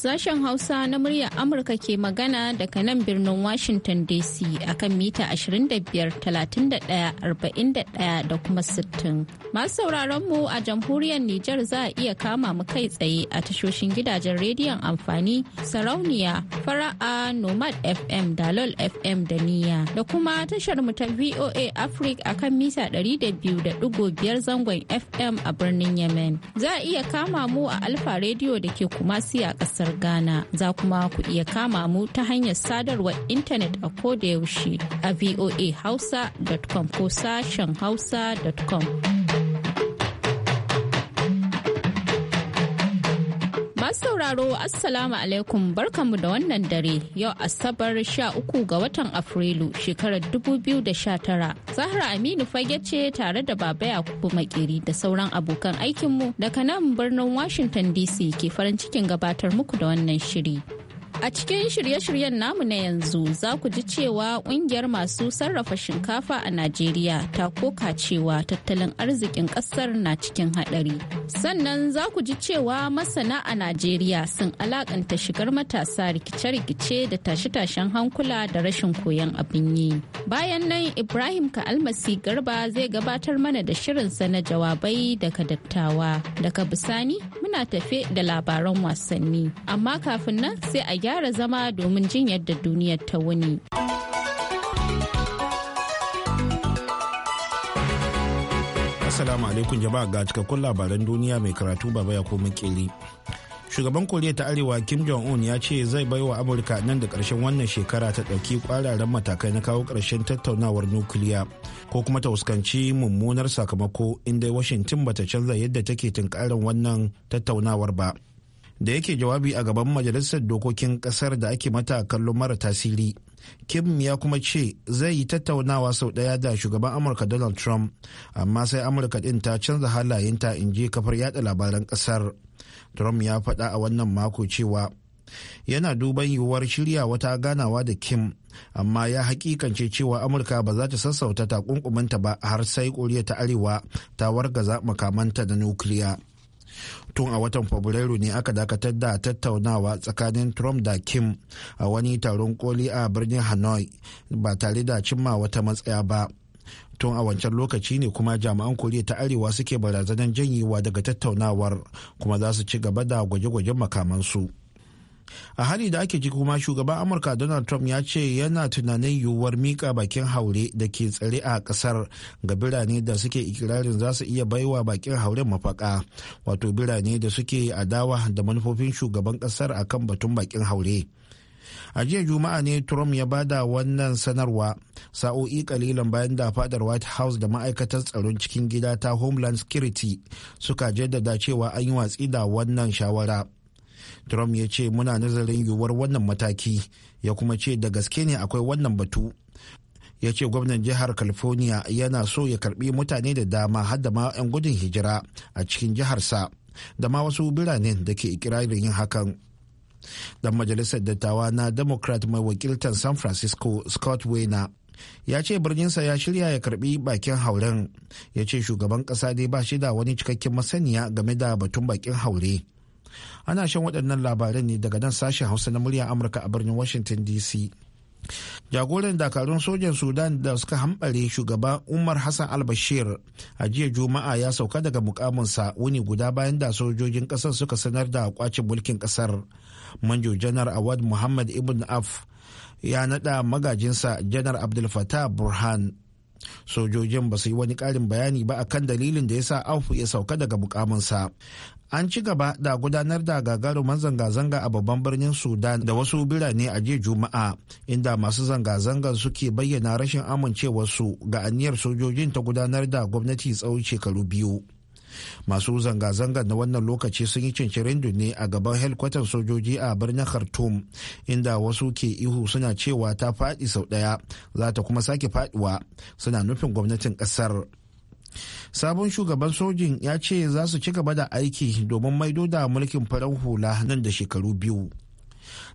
Sashen Hausa na muryar Amurka ke magana daga nan birnin Washington DC akan mita 25-31-41 da kuma 60. Masu sauraron mu a jamhuriyar Nijar za a iya kama mu kai tsaye a tashoshin gidajen rediyon amfani sarauniya fara'a Nomad FM Dalol FM da niya da kuma tashar mu ta VOA Africa akan mita 200.5 zangon FM a birnin Yemen. Za a iya kama mu a Alfa Radio da ke kumasi a ƙasar kasar Ghana. Za kuma ku iya kama mu ta hanyar sadarwar intanet a kodayaushe a voahausa.com ko sashen hausa.com. Masu sauraro Assalamu alaikum barkanmu da wannan dare yau Asabar Sha uku ga watan Afrilu shekarar dubu biyu da sha tara, Zahra Aminu fage ce tare da Baba Yakubu Maƙeri da sauran abokan aikinmu daga nan birnin Washington DC ke farin cikin gabatar muku da wannan shiri. A cikin shirye-shiryen namu na yanzu za ku ji cewa ƙungiyar masu sarrafa shinkafa a Najeriya ta koka cewa tattalin arzikin ƙasar na cikin haɗari. Sannan za ku ji cewa masana a Najeriya sun alakanta shigar matasa rikice-rikice da tashe-tashen hankula da rashin koyon abin yi. Bayan nan Ibrahim Ka'almasi Garba zai gabatar mana da shirinsa na jawabai daga dattawa. Daga bisani muna tafe da labaran wasanni. Amma kafin nan sai a gyara zama domin jin yadda duniyar ta wuni. Assalamu alaikum jama'a ga cikakkun labaran duniya mai karatu baba ya komi shugaban koriya ta arewa kim jong-un ya ce zai bai wa amurka nan da karshen wannan shekara ta ɗauki kwararen matakai na kawo ƙarshen tattaunawar nukiliya ko kuma ta fuskanci mummunar sakamako inda washington bata canza yadda take tunkarin wannan tattaunawar ba da yake jawabi a gaban majalisar dokokin kasar da ake mata kallon mara tasiri kim ya kuma ce zai yi tattaunawa sau daya da shugaban amurka donald trump amma sai amurka ɗin ta canza halayenta in je kafar yada labaran kasar trump ya faɗa a wannan mako cewa yana duban yiwuwar shirya wata ganawa da kim amma ya hakikance cewa amurka ba za ta sassauta takunkuminta ba har sai koriya ta arewa ta wargaza makamanta da nukiliya tun a watan fabrairu ne aka dakatar da tattaunawa tsakanin trump da kim a wani taron koli a birnin hanoi ba tare da cimma wata matsaya ba tun a wancan lokaci ne kuma jami'an koriya ta arewa suke barazanar janyewa daga tattaunawar kuma za su ci gaba da gwaje-gwajen makamansu a hali da ake ciki kuma shugaban amurka donald trump ya ce yana tunanin yiwuwar mika bakin haure da ke tsare a kasar ga birane da suke ikirarin za su iya baiwa bakin hauren mafaka wato birane da suke adawa da manufofin shugaban kasar akan batun bakin haure a jiya juma'a ne trump ya bada wannan sanarwa sa'o'i kalilan bayan da fadar white house da ma'aikatar tsaron cikin gida ta homeland security suka jaddada cewa an yi watsi da wannan shawara trump ya ce muna nazarin yiwuwar wannan mataki ya kuma ce da gaske ne akwai wannan batu ya ce gwamnan jihar california yana so ya karbi mutane da dama har da ma 'yan gudun hijira a cikin jiharsa da ma wasu biranen da ke ikirarin yin hakan dan majalisar dattawa na democrat mai wakiltar san francisco scott wayna ya ce birninsa ya shirya ya karbi bakin hauren ya ce shugaban kasa dai ba shi da wani cikakken masaniya game da batun bakin haure ana shan waɗannan labaran ne daga nan sashen hausa na murya amurka a birnin washington dc jagoran dakarun sojan sudan da suka hambare shugaba umar hassan albashir a jiya juma'a ya sauka daga mukaminsa wuni guda bayan da sojojin kasar suka sanar da kwacin mulkin kasar manjo janar awad muhammad ibn af ya nada magajinsa janar abdul fatah burhan sojojin ba su yi wani ƙarin bayani ba akan dalilin da ya sa auf ya sauka daga mukaminsa an ci gaba da gudanar da gagarumin zanga-zanga a babban birnin sudan da wasu birane a jiya juma'a inda masu zanga-zangar suke bayyana rashin amincewarsu ga aniyar sojojin ta gudanar da gwamnati tsawon shekaru biyu masu zanga-zangar na wannan lokaci sun yi cincirin ne a gaban helkwatan sojoji a birnin khartoum inda wasu ke ihu suna cewa ta faɗi sau ɗaya za ta kuma sake faɗiwa suna nufin gwamnatin ƙasar sabon shugaban sojin ya ce za su ci gaba da aiki domin maido da mulkin farar hula nan da shekaru biyu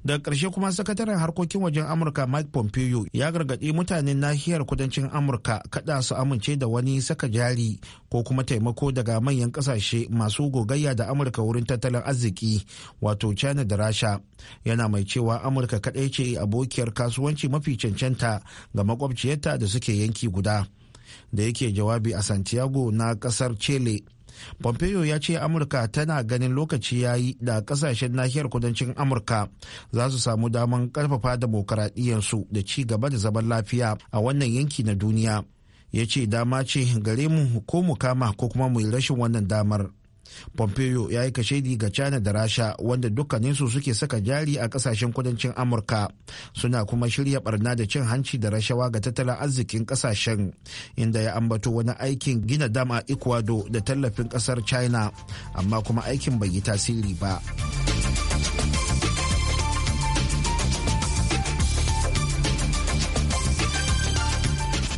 daga ƙarshe kuma sakataren harkokin wajen amurka mike pompeo ya gargaɗi mutanen nahiyar kudancin amurka kada su amince da wani saka jari ko kuma taimako daga manyan ƙasashe masu gogayya da amurka wurin tattalin arziki wato china da rasha yana mai cewa amurka kaɗai ce abokiyar kasuwanci mafi cancanta ga makwabciyarta da suke yanki guda da yake jawabi a santiago na ƙasar chile pompeo ya ce amurka tana ganin lokaci ya yi da kasashen nahiyar kudancin amurka za su samu damar karfafa demokaradiyyarsu da ci gaba da zaman lafiya a wannan yanki na duniya ya ce dama ce gare mu ko mu kama ko kuma mu yi rashin wannan damar pompeo ya yi kashedi ga china da rasha wanda dukkaninsu suke saka jari a kasashen kudancin amurka suna kuma shirya barna da cin hanci da rashawa ga tattalin arzikin kasashen inda ya ambato wani aikin gina dam a ecuador da tallafin kasar china amma kuma aikin bai yi tasiri ba.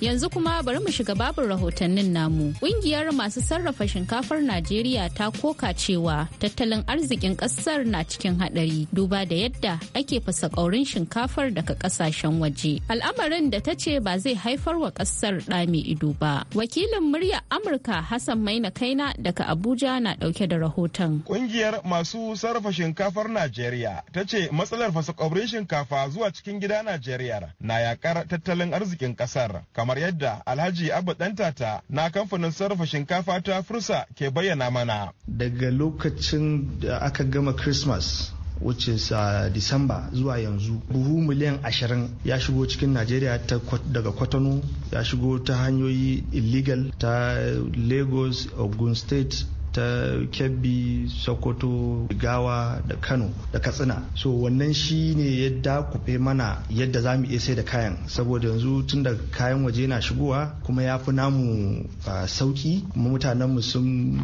Yanzu kuma bari mu shiga babin rahotannin namu. Kungiyar masu sarrafa shinkafar Najeriya ta koka cewa tattalin arzikin kasar na cikin hadari duba da yadda ake fasa kaurin shinkafar daga kasashen waje. Al'amarin da ta ce ba zai haifar wa kasar mai ido ba. Wakilin murya Amurka Hassan Maina Kaina daga Abuja na ɗauke da rahoton. Kungiyar masu sarrafa shinkafar Najeriya ta ce matsalar fasa kaurin shinkafa zuwa cikin gida Najeriya na yakar tattalin arzikin kasar. kamar yadda Alhaji Abba Dantata na kamfanin sarrafa shinkafa ta Fursa ke bayyana mana. Daga lokacin da aka gama Christmas which sa uh, December zuwa yanzu buhu miliyan ashirin ya shigo cikin Najeriya daga Kwatano ya shigo ta hanyoyi illegal ta Lagos, Ogun State ta kebbi sokoto gawa da kano da katsina so wannan shi ne ya dakufe mana yadda za mu iya sai da kayan saboda yanzu tun da kayan waje na shigowa kuma ya fi namu sauki kuma mutanenmu sun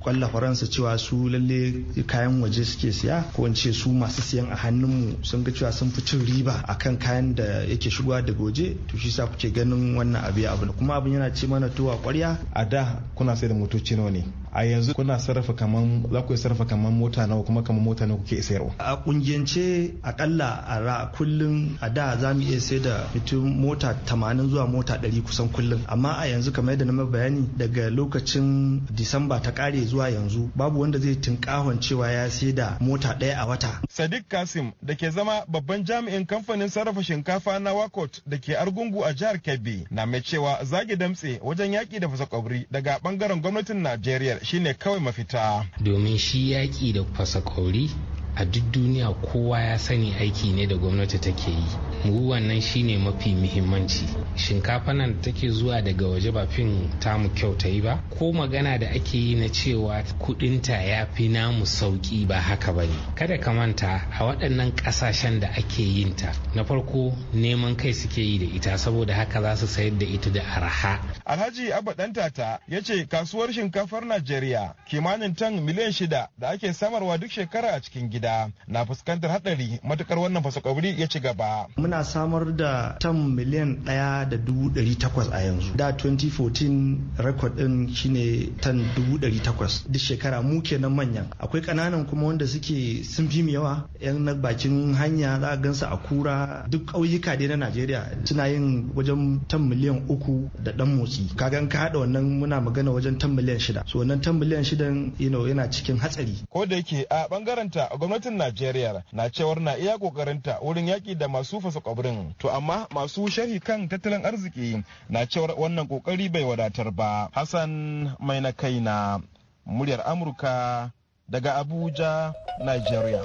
kwalla faransa cewa su lalle kayan waje suke siya ko in ce su masu siyan a hannunmu sun ga cewa sun fi cin riba kan kayan da yake shigowa daga waje to shi sa kuke ganin wannan abu ya abu kuma abin yana ce mana tuwa kwarya a da kuna sai da motoci nawa ne a yanzu kuna sarrafa kaman za ku sarrafa kaman mota nawa kuma kaman mota nawa kuke sayarwa a kungiyance akalla a ra kullum a da za mu iya sai da mutum mota 80 zuwa mota 100 kusan kullum amma a yanzu kamar yadda na mai bayani daga lokacin disamba ta kare zuwa yanzu babu wanda zai tinkahon cewa ya sai da mota ɗaya a wata sadiq kasim da ke zama babban jami'in kamfanin sarrafa shinkafa na wakot da ke argungu a jihar kebbi na mai cewa zagi damtse wajen yaki da fasa kwabri daga bangaren gwamnatin najeriya shine kawai mafita domin shi yaƙi da fasakori a duk duniya kowa ya sani aiki ne da gwamnati take yi mu wannan shine mafi muhimmanci shinkafa nan take zuwa daga waje ba fin tamu kyauta yi ba ko magana da ake yi na cewa kudinta ya fi namu sauki ba haka ba ne kada ka manta a waɗannan ƙasashen da ake yin ta na farko neman kai suke yi da ita saboda haka za su sayar da ita da araha alhaji abba ɗantata ya ce kasuwar shinkafar najeriya kimanin tan miliyan shida da ake samarwa duk shekara a cikin gida na fuskantar hadari matukar wannan fasakwauri ya ci gaba muna samar da tam miliyan ɗaya da dubu ɗari takwas a yanzu da 2014 record din shine tan dubu ɗari takwas duk shekara mu kenan manyan akwai kananan kuma wanda suke sun fi mu yawa yan na bakin hanya za a gansa a kura duk ƙauyuka dai na najeriya suna yin wajen tan miliyan uku da ɗan motsi kagan ka haɗa wannan muna magana wajen tan miliyan shida so wannan tan miliyan shidan yana cikin hatsari ko da yake a ɓangaren ta gwamnatin najeriya na cewar na iya ƙoƙarinta wurin yaki da masu fasa nasa to amma masu sharhi kan tattalin arziki na cewar wannan kokari bai wadatar ba hassan mai na kaina muryar amurka daga abuja nigeria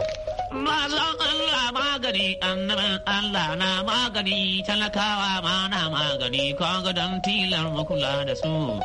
Mazan Allah magani, annabin Allah na magani, talakawa ma na magani, kaga don tilar makula da su.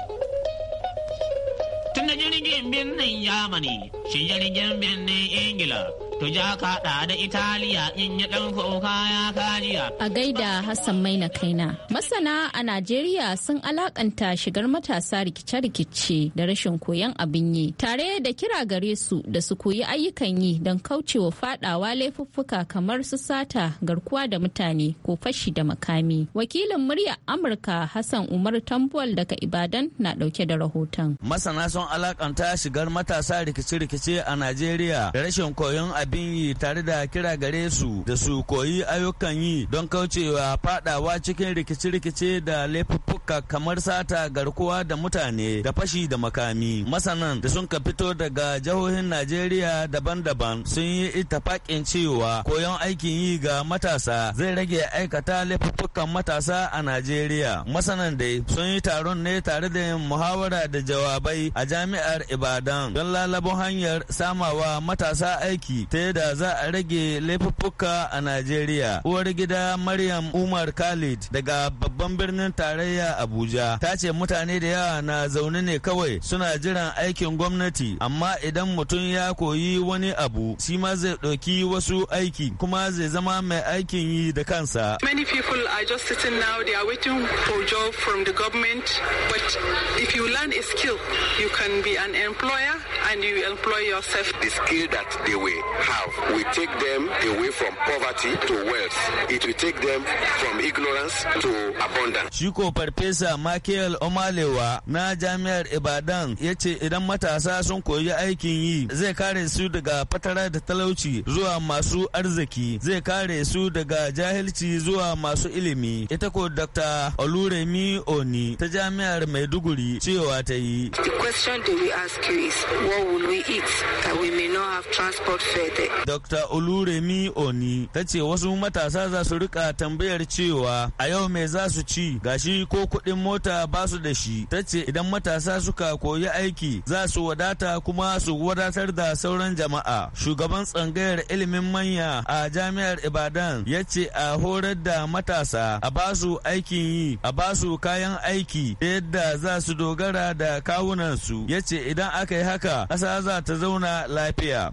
Tun da jirgin birnin Yamani, shi jirgin birnin Ingila, tuja kaɗa da Italiya in yi ɗan kuka ya kariya. A gaida Hassan Maina kaina. Masana a Najeriya sun alakanta shigar matasa rikice-rikice da rashin koyon abin yi tare da kira gare su da su koyi ayyukan yi don kaucewa faɗawa laifuffuka kamar su sata garkuwa da mutane ko fashi da makami. Wakilin murya Amurka Hassan Umar Tambuwal daga Ibadan na ɗauke da rahoton. Masana sun alakanta shigar matasa rikice-rikice a Najeriya da rashin koyon abin abin yi tare da kira gare su da su koyi ayyukan yi don kaucewa fadawa cikin rikice-rikice da laifuffuka kamar sata garkuwa da mutane da fashi da makami. Masanan da sun ka fito daga jihohin Najeriya daban-daban sun yi itafakin cewa koyon aikin yi ga matasa zai rage aikata laifuffukan matasa a Najeriya. Masanan dai sun yi taron ne tare da yin muhawara da jawabai a jami'ar Ibadan don lalabon hanyar samawa matasa aiki ta za a rage laifuffuka a Najeriya. Uwar gida Maryam Umar Khalid daga babban birnin tarayya Abuja ta ce mutane da yawa na zaune ne kawai suna jiran aikin gwamnati amma idan mutum ya koyi wani abu shi ma zai ɗauki wasu aiki kuma zai zama mai aikin yi da kansa. Many people are just sitting now they are waiting for job from the government but if you learn a skill you can be an employer and you employ yourself. The skill that they were How we take them away from poverty to wealth. It will take them from ignorance to abundance. Shiko Farfesa Michael Omalewa na Jami'ar Ibadan ya ce idan matasa sun koyi aikin yi zai kare su daga fatara da talauci zuwa masu arziki zai kare su daga jahilci zuwa masu ilimi. Ita ko Dr. Oluremi Oni ta Jami'ar Maiduguri cewa ta yi. The question that we ask you is what will we eat that we may not have transport fed daidai. Dr. Oluremi Oni ta ce wasu matasa za su rika tambayar cewa a yau me za su ci gashi ko kuɗin mota ba su da shi. Ta ce idan matasa suka koyi aiki za su wadata kuma su wadatar da sauran jama'a. Shugaban tsangayar ilimin manya a jami'ar Ibadan ya ce a horar da matasa a ba su aikin yi a ba su kayan aiki yadda za su dogara da kawunansu. Ya ce idan aka yi haka ƙasa za ta zauna lafiya.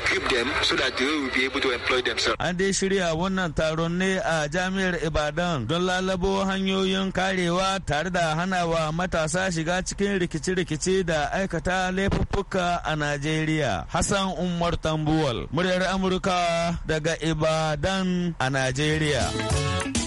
equip them so that they will be able to employ themselves. An dai shirya wannan taron ne a jami'ar Ibadan don lalabo hanyoyin karewa tare da hanawa matasa shiga cikin rikici-rikici da aikata laifuffuka a Najeriya. Hassan Umar Tambuwal, muryar Amurka daga Ibadan a Najeriya.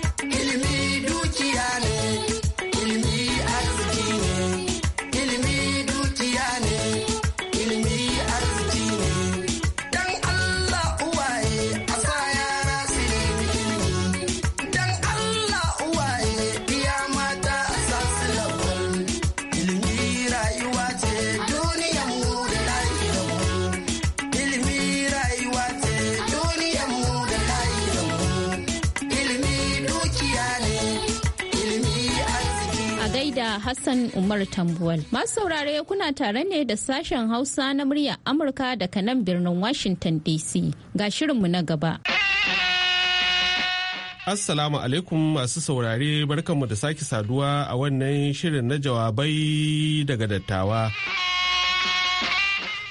Hassan Umar Tambuwal. Masu saurare kuna tare ne da sashen Hausa na murya Amurka daga nan birnin Washington DC. Ga shirinmu na gaba. Assalamu alaikum masu saurare barkanmu da sake saduwa a wannan shirin na jawabai daga dattawa.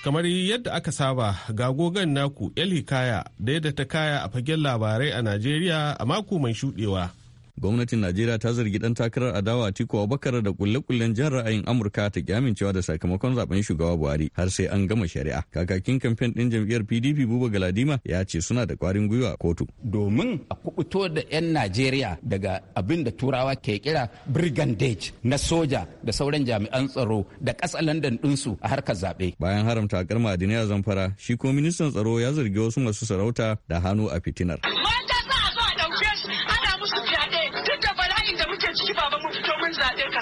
Kamar yadda aka saba ga gogon naku Eli Kaya da yadda ta kaya a fagen labarai a Najeriya a mako mai shuɗewa. Gwamnatin Najeriya ta zargi dan takarar adawa tiko Abubakar da kulle-kullen jan ra'ayin Amurka ta ki amincewa da sakamakon zaben shugaba Buhari har sai an gama shari'a. Kakakin kamfen din jam'iyyar PDP Buba Galadima ya ce suna da kwarin gwiwa a kotu. Domin a kubuto da 'yan Najeriya daga abin da Turawa ke kira brigandage na soja da sauran jami'an tsaro da ƙasa katsalandan ɗinsu a harkar zaɓe. Bayan haramta a karma a zamfara, shi ko ministan tsaro ya zargi wasu masu sarauta da hannu a fitinar.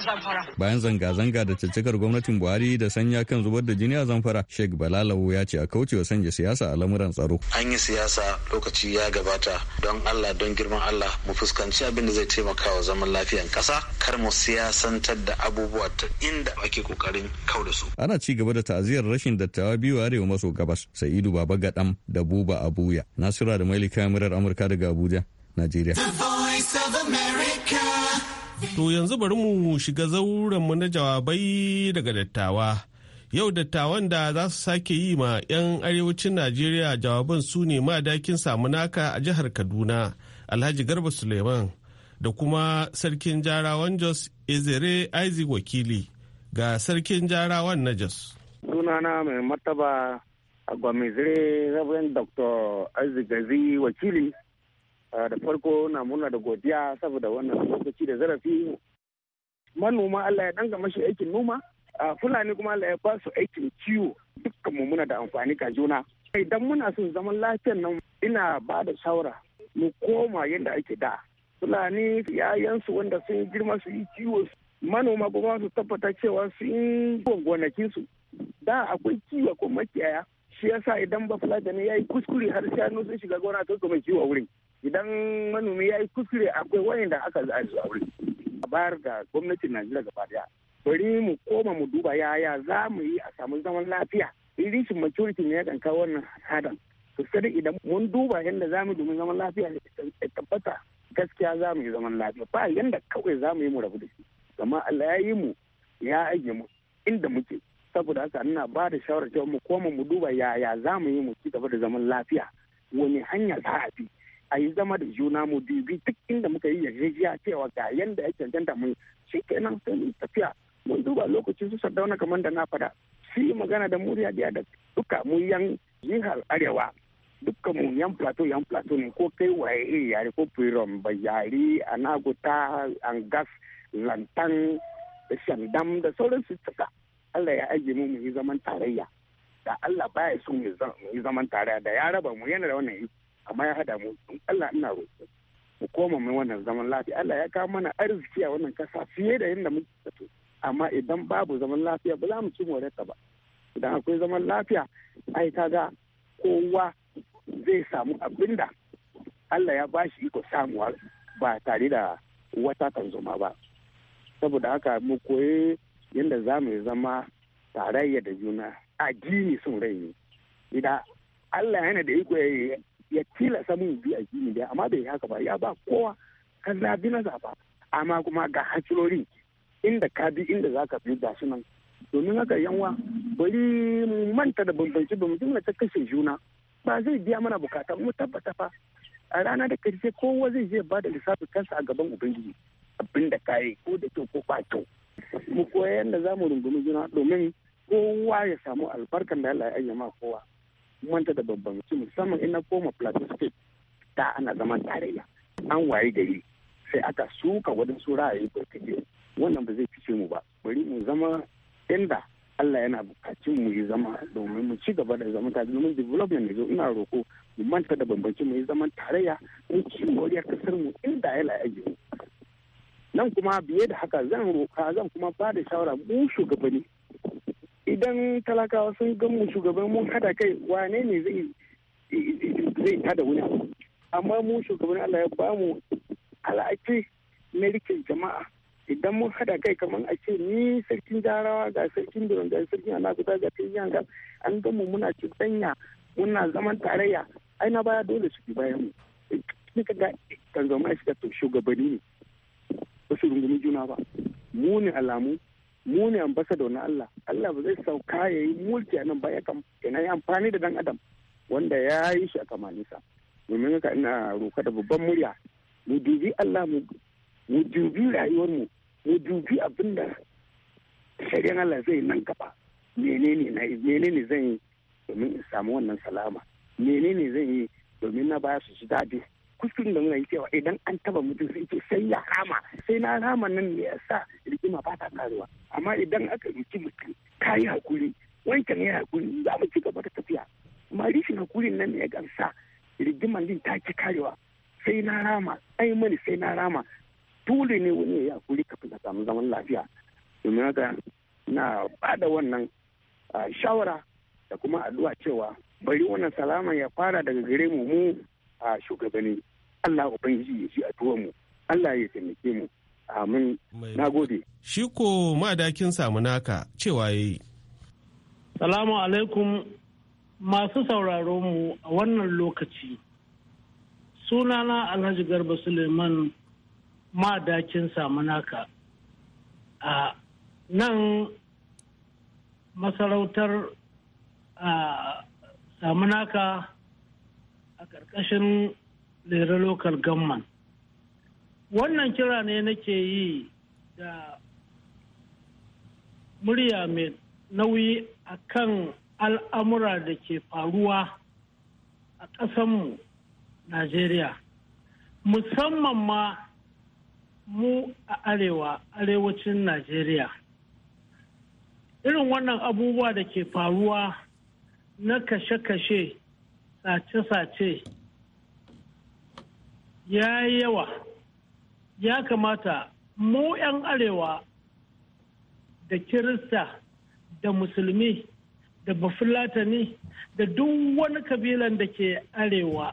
Zamfara. Bayan zanga-zanga da caccakar gwamnatin Buhari da sanya kan zubar da jini a Zamfara, Sheikh Balalawo ya ce a kaucewa sanya siyasa a lamuran tsaro. An yi siyasa lokaci ya gabata don Allah don girman Allah mu fuskanci abin da zai taimaka wa zaman lafiyan ƙasa kar mu siyasantar da abubuwa ta inda ake kokarin kau da su. Ana ci gaba da ta'aziyar rashin dattawa biyu arewa maso gabas Sa'idu Baba Gadam da Buba Abuya. Nasira da Maili kamarar Amurka daga Abuja, Najeriya. The Voice of America. To yanzu bari mu shiga zaurenmu na jawabai daga dattawa. Yau dattawan da za su sake yi ma 'yan arewacin Najeriya jawaban su ne madakin samunaka a jihar Kaduna, Alhaji Garba Suleiman, da kuma Sarkin Jarawan Jos Ezere Isaac Wakili ga Sarkin Jarawan na Jos. Sunana mai martaba a Gwamizire Reverend Dr. Isaac Gazi Wakili Eh, da farko na muna da godiya saboda wannan lokaci da zarafi manoma Allah ya danga mashi aikin noma eh, fulani kuma Allah ya ba su aikin kiwo dukkan mu muna da amfani ga juna idan muna son zaman lafiyar nan ina ba da shawara mu koma yadda ake da fulani yayansu wanda sun girma su yi kiwo manoma kuma su tabbata cewa sun gonakin su da akwai kiwo ko makiyaya shi yasa idan ba fulani ya yi kuskure har shanu sun shiga gona to mai kiwo wurin idan manomi ya yi kuskure akwai wayanda aka za a wuri a bayar da gwamnatin najeriya gaba daya bari mu koma mu duba yaya za mu yi a samu zaman lafiya rishin maturity ne yakan kawo wannan hadan to idan mun duba yadda za mu domin zaman lafiya ya tabbata gaskiya za mu yi zaman lafiya ba yadda kawai za mu yi mu rabu da shi amma Allah ya yi mu ya ajiye mu inda muke saboda haka ina ba da shawarar cewa mu koma mu duba yaya za mu yi mu ci gaba da zaman lafiya wani hanya za a bi a yi zama da juna mu dubi duk inda muka yi yarjejiya cewa ga yanda ya cancanta mu shi kenan sai mu tafiya mun duba lokacin su sardauna kamar da na fada su magana da murya biya da duka mu yan jihar arewa dukkan mu yan plateau yan plateau ne ko kai waye iri eh, yare ko firon bayari anaguta angas lantan shandam da sauransu suka Allah ya ajiye mu mu yi zaman tarayya da Allah baya son mu yi zaman tarayya da ya raba mu yana da wannan iko amma ya hada mu in Allah ina roƙo mu koma mai wannan zaman lafiya Allah ya kawo mana arziki a wannan kasa fiye da yadda muke zato amma idan babu zaman lafiya ba za mu ci ta ba idan akwai zaman lafiya ai ga kowa zai samu abinda Allah ya ba shi iko samuwa ba tare da wata tanzoma ba saboda haka mu koyi yadda za mu zama tarayya da juna a jini sun rai ne idan Allah yana da iko eh, ya tilasa mun bi gini da amma bai haka ba ya ba kowa ka zabi na zaba amma kuma ga hasilori inda ka bi inda za ka bi ga nan domin haka yanwa bari mu manta da bambanci ba mutum ta kashe juna ba zai biya mana bukata mu tabbata fa a rana da karshe kowa zai je ba da lissafi kansa a gaban ubangiji abin da kayi ko da kyau ko ba mu koya yadda zamu mu rungumi juna domin kowa ya samu albarkan da Allah ya ayyama kowa manta da babban su musamman ina na koma plateau state ta ana zaman tarayya an waye gari sai aka suka su ra'ayi barkace wannan ba zai fice mu ba bari mu zama inda Allah yana bukacin mu yi zama domin mu ci gaba da zama ta domin development ne ina roko mu manta da bambanci mu yi zaman tarayya mu ci moriyar kasar mu inda ya la'aji nan kuma biye da haka zan roka zan kuma ba da shawara mu shugabanni idan talakawa sun ga mu shugaban mun hada kai wane ne zai zai tada wuni amma mu shugaban Allah ya ba mu alaƙi na rikin jama'a idan mun hada kai kamar a ce ni sarkin jarawa ga sarkin biron ga sarkin anakuta ga sarkin yanga an ga mu muna cuɗanya muna zaman tarayya ai na baya dole su bi bayan mu ka ga zama shi da shugabanni ne ba su rungumi juna ba mu ne alamu mu ne ambassador na Allah Allah ba zai sauka ya yi mulki a nan ba ya yi amfani da dan adam wanda ya yi shi a kamanisa domin haka ina roka da babban murya mu dubi Allah mu mu dubi rayuwar mu mu dubi abin da shari'an Allah zai nan gaba menene na menene zan yi domin in samu wannan salama menene zan yi domin na ba su ji daɗi kuskuren da muna yi cewa idan an taba mutum sai ce sai ya rama sai na rama nan ne ya sa rigima ba ta karewa amma idan aka ruki mutum ka yi hakuri wanke ya hakuri za mu ci gaba da tafiya amma rishin hakurin nan ne ya gamsa rigiman din ta ci karewa sai na rama ai mani sai na rama dole ne wani ya hakuri kafin a samu zaman lafiya domin haka na bada wannan shawara da kuma addu'a cewa bari wannan salama ya fara daga gare mu mu a shugabanni Allah ubangiji ya ji mu Allah ya taimake mu amin na gode shi ko madakin samu naka cewa yayi salamu alaikum masu sauraro mu a wannan lokaci sunana alhaji garba suleiman madakin naka. a nan masarautar a samunaka a ƙarƙashin lera local government wannan kira ne nake yi da murya mai nauyi a kan al'amura da ke faruwa a ƙasanmu najeriya musamman ma mu a arewa arewacin najeriya irin wannan abubuwa da ke faruwa na kashe-kashe sace-sace ya yi yawa ya kamata mu 'yan arewa da kirista da musulmi da bafulatani da duk wani kabilan da ke arewa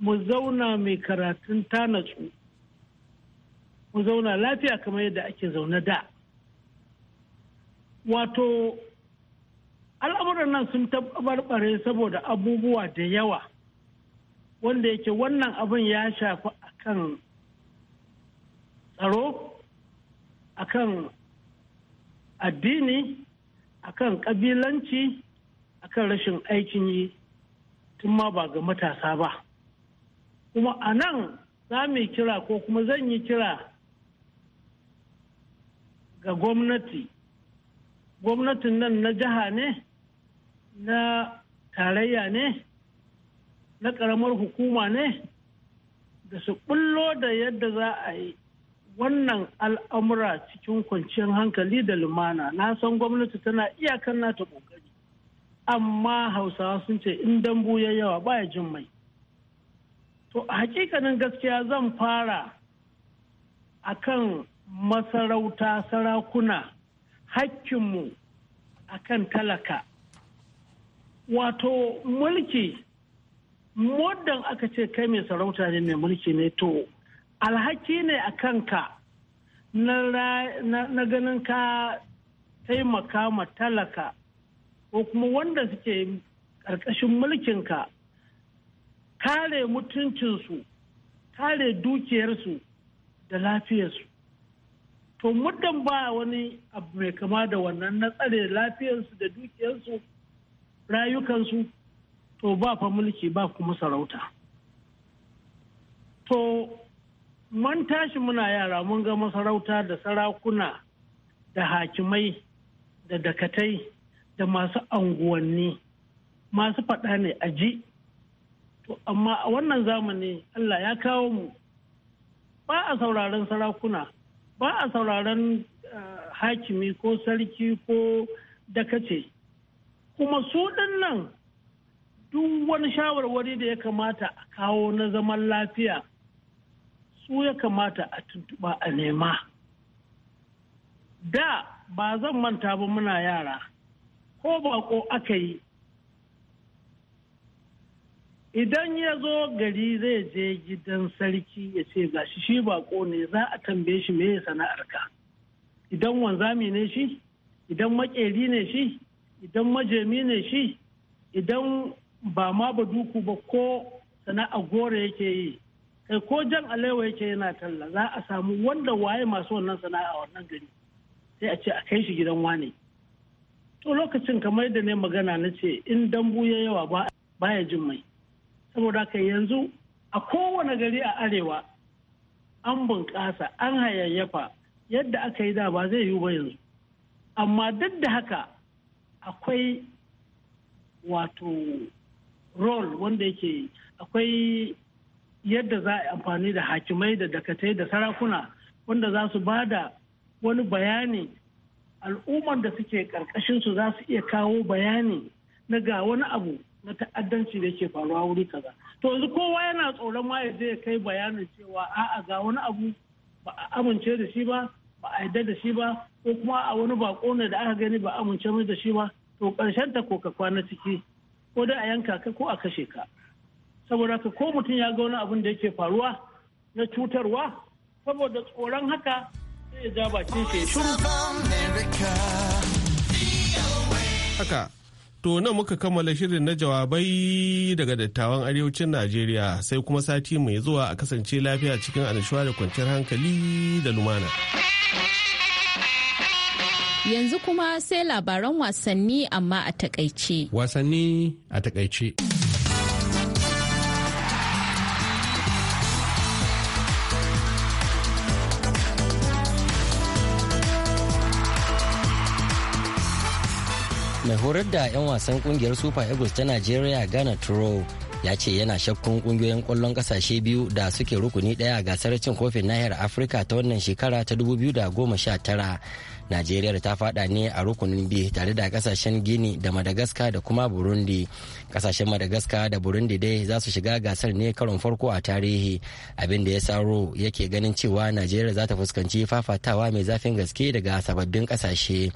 mu zauna mai karatun tanatsu mu zauna lafiya kamar yadda ake zaune da wato al'amuran nan sun tabarbare saboda abubuwa da yawa wanda yake wannan abin ya shafi akan tsaro akan addini akan kabilanci akan rashin aikin yi tun ma ba ga matasa ba kuma a nan za mu kira ko kuma zan yi kira ga gwamnati gwamnatin nan na jiha ne na tarayya ne na karamar hukuma ne da su bullo da yadda za a yi wannan al'amura cikin kwanciyar hankali da lumana na san gwamnati tana iyakar nata kokari amma hausawa sun ce in dambu ya yawa baya jin mai to a hakikanin gaskiya zan fara a kan masarauta sarakuna hakkinmu kan talaka wato mulki muddin aka ce kai mai sarauta ne mai mulki ne to alhaki ne a kanka na ganin ka taimaka ma talaka ko kuma wanda suke ƙarƙashin mulkinka kare mutuncinsu kare dukiyarsu da lafiyarsu to muddin ba wani abu mai kama da wannan na tsare lafiyarsu da dukiyarsu rayukansu to ba fa mulki ba kuma sarauta to mun tashi muna yara mun ga masarauta da sarakuna da hakimai da dakatai da masu anguwanni masu faɗa ne a ji to amma a wannan zamani allah ya kawo mu ba a sauraron sarakuna ba a sauraron eh, hakimi ko sarki ko dakace kuma su nan duk wani shawarwari da ya kamata a kawo na zaman lafiya su ya kamata a tuntuɓa a nema da ba zan manta ba muna yara ko bako aka yi idan ya zo gari zai je gidan sarki ya ce ga shi shi bako ne za a tambaye shi me sana'arka idan wanzami ne shi idan makeri ne shi idan majemi ne shi idan ba ma ba duku ba ko sana'a gore yake yi kai ko jan alewa yake yana talla za a samu wanda waye masu wannan sana'a wannan gari sai a ce a kai shi gidan wane to lokacin kamar yadda ne magana na ce in dambu ya yawa ba ya jin mai saboda kai yanzu a kowane gari a arewa an bunƙasa an hayayyafa yadda aka yi da ba zai yiwu ba yanzu amma duk da haka akwai wato role wanda yake akwai yadda za a yi amfani da hakimai da dakatai da sarakuna wanda za su ba da wani bayani al'ummar da suke su za su iya kawo bayani na ga wani abu na ta'addanci da ke faruwa wuri kaza to yanzu kowa yana tsoron ma ya je kai bayanin cewa a'a ga wani abu ba a amince da shi ba ba a yarda da shi ba ko kuma a wani bako ne da aka gani ba amince mai da shi ba to karshen ta ko ka kwana ciki ko dai a yanka ka ko a kashe ka saboda ka ko mutum ya ga wani abin da yake faruwa na cutarwa saboda tsoron haka sai ya ja bakin shi shiru haka to nan muka kammala shirin na jawabai daga dattawan arewacin najeriya sai kuma sati mai zuwa a kasance lafiya cikin annashuwa da kwanciyar hankali da lumana. Yanzu kuma sai labaran wasanni amma a takaice. Wasanni a takaice. mai horar da 'yan wasan kungiyar super eagles ta najeriya ghana turo ya ce yana shakkun kungiyoyin kwallon kasashe biyu da suke rukuni daya a gasar cin kofin nahiyar afirka ta wannan shekara ta 2019 najeriya ta fada ne a rukunin b tare da kasashen gini da madagascar da kuma burundi kasashen madagascar da burundi dai za su shiga gasar ne karon farko a tarihi abin da ya saro yake ganin cewa najeriya za ta fuskanci fafatawa mai zafin gaske daga sababbin kasashe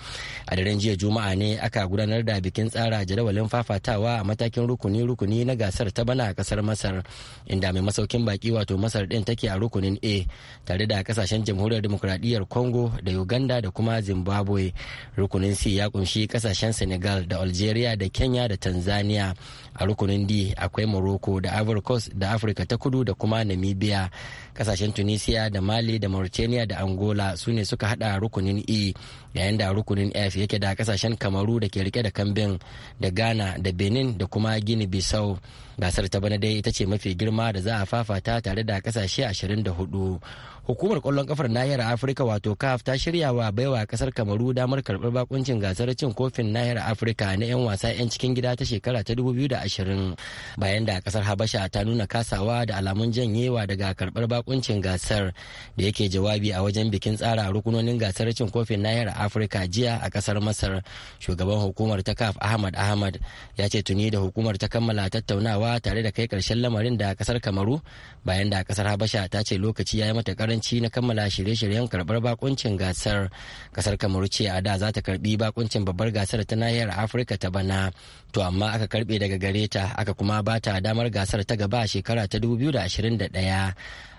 a daren jiya juma'a ne aka gudanar da bikin tsara jadawalin fafatawa a matakin rukuni-rukuni na gasar ta bana a kasar masar inda mai masaukin baki wato masar din take a rukunin a tare da kasashen jamhuriyar Demokradiyyar congo da uganda da kuma zimbabwe rukunin c ya kunshi kasashen senegal da algeria da kenya da tanzania a rukunin d akwai morocco da ivory coast da afirka ta kudu da kuma namibia kasashen tunisia da mali da mauritania da angola su ne suka hada rukunin e yayin da rukunin f yake da kasashen kamaru da ke rike da kambin da ghana da benin da kuma guinea bissau gasar ta bana dai ita ce mafi girma da za a fafata tare da kasashe 24 hukumar kwallon kafar nahiyar afirka wato caf ta shirya wa baiwa kasar kamaru damar karbar bakuncin gasar cin kofin nahiyar afirka na 'yan wasa 'yan cikin gida ta shekara ta 2020 bayan da kasar habasha ta nuna kasawa da alamun janyewa daga karbar bakuncin gasar da yake jawabi a wajen bikin tsara rukunonin gasar cin kofin nahiyar afirka jiya a kasar masar shugaban hukumar ta caf ahmad ahmad ya ce tuni da hukumar ta kammala tattaunawa tare da kai karshen lamarin da kasar kamaru bayan da kasar habasha ta ce lokaci ya yi mata karanci na kammala shirye-shiryen karbar bakuncin gasar ƙasar kamaru ce a da za ta karbi bakuncin babbar gasar ta nahiyar afirka ta bana to amma aka karbe daga gare ta aka kuma ba ta damar gasar ta gaba a shekara ta 2021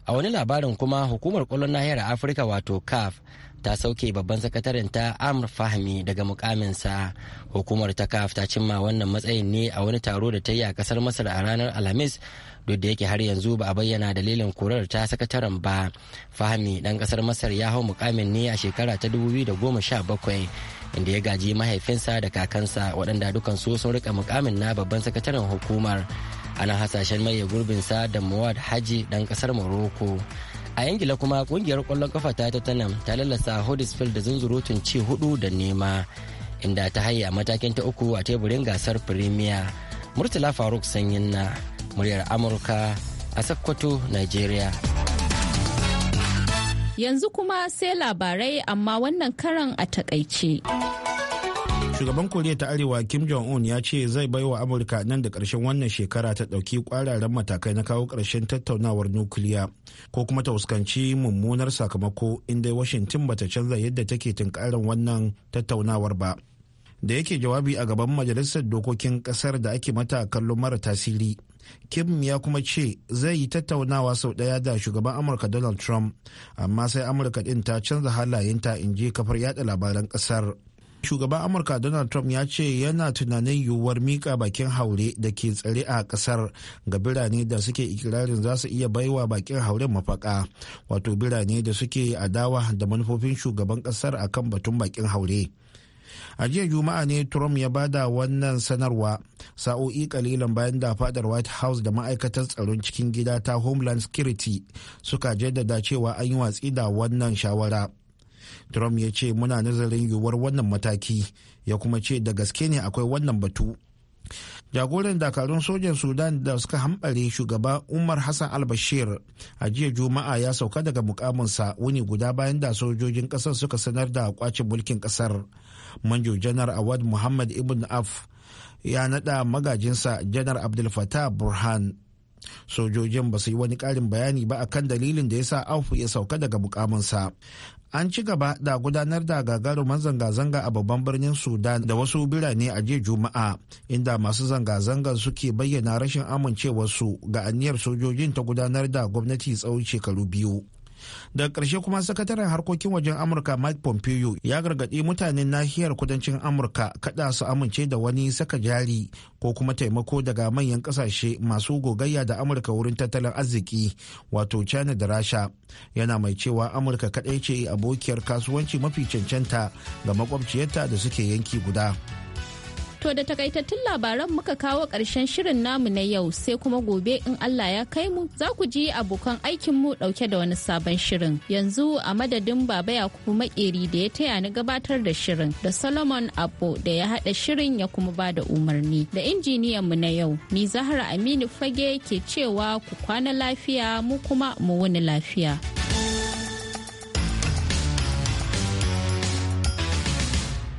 a wani labarin kuma hukumar kwallon nahiyar afirka wato caf ta sauke babban sakataren ta amur fahmi daga mukaminsa hukumar ta caf ta cimma wannan matsayin ne a wani taro da ta yi a kasar masar a ranar alhamis duk da yake har yanzu ba a bayyana dalilin korar ta sakataren ba fahmi dan kasar masar ya hau mukamin ne a shekara ta 2017 inda ya gaji mahaifinsa da kakansa waɗanda dukansu sun rika mukamin na babban sakataren hukumar ana hasashen mai sa da muwad haji dan kasar morocco a ingila kuma kungiyar kwallon kafa ta tottenham ta lallasa huddersfield da zunzurutun ci hudu da nema inda ta haye a matakin ta uku a teburin gasar premier murtala faruk sanyin na muryar amurka a sakkwato nigeria yanzu kuma sai labarai amma wannan karan a takaice. shugaban koriya ta arewa kim jong-un ya ce zai bai wa amurka nan da karshen wannan shekara ta ɗauki kwararren matakai na kawo ƙarshen tattaunawar nukiliya ko kuma ta fuskanci mummunar sakamako inda washington bata canza yadda take tunkarin wannan tattaunawar ba da yake jawabi a gaban majalisar dokokin kasar da ake mata kallon mara tasiri kim ya kuma ce zai yi tattaunawa sau daya da shugaban amurka donald trump amma sai amurka din ta canza halayenta in je kafar yada labaran kasar shugaban amurka donald trump ya ce yana tunanin yiwuwar mika bakin haure da ke tsare a kasar ga birane da suke ikirarin za su iya baiwa bakin hauren mafaka wato birane da suke adawa da manufofin shugaban kasar kan batun bakin haure a jiya juma'a ne trump ya bada wannan sanarwa sa'o'i kalilan bayan da fadar white house da ma'aikatar tsaron cikin gida ta homeland security suka jaddada cewa an yi watsi da wannan shawara trump ya ce muna nazarin yiwuwar wannan mataki ya kuma ce da gaske ne akwai wannan batu jagoran dakarun sojan sudan da suka hambare shugaba umar hassan al-bashir a jiya juma'a ya sauka daga mukaminsa wuni guda bayan da sojojin kasar suka sanar da kwacin mulkin kasar manjo janar awad muhammad ibn af ya nada magajinsa janar abdul fatah burhan sojojin ba su yi wani karin bayani ba akan dalilin da ya sa auf ya sauka daga mukaminsa an ci gaba da gudanar da gagarumin zanga-zanga a babban birnin sudan da wasu birane a jiya juma'a inda masu zanga-zangar suke bayyana rashin amincewarsu ga aniyar sojojin ta gudanar da gwamnati tsawon shekaru biyu daga karshe kuma sakataren harkokin wajen amurka mike pompeo ya gargaɗi mutanen nahiyar kudancin amurka kada su amince da wani saka jari ko kuma taimako daga manyan ƙasashe masu gogayya da amurka wurin tattalin arziki wato china da rasha yana mai cewa amurka kaɗai ce abokiyar kasuwanci mafi cancanta ga makwabciyarta da suke yanki guda. To da takaitattun labaran muka kawo ƙarshen shirin namu na yau sai kuma gobe in Allah ya kai mu za ku ji abokan aikin mu ɗauke da wani sabon shirin. Yanzu a madadin Baba Yakubu Makeri da ya taya ni gabatar da shirin da Solomon Abbo da ya haɗa shirin ya kuma ba da umarni da injiniyan mu na yau. Ni Zahra Aminu Fage ke cewa ku kwana lafiya mu kuma mu wuni lafiya.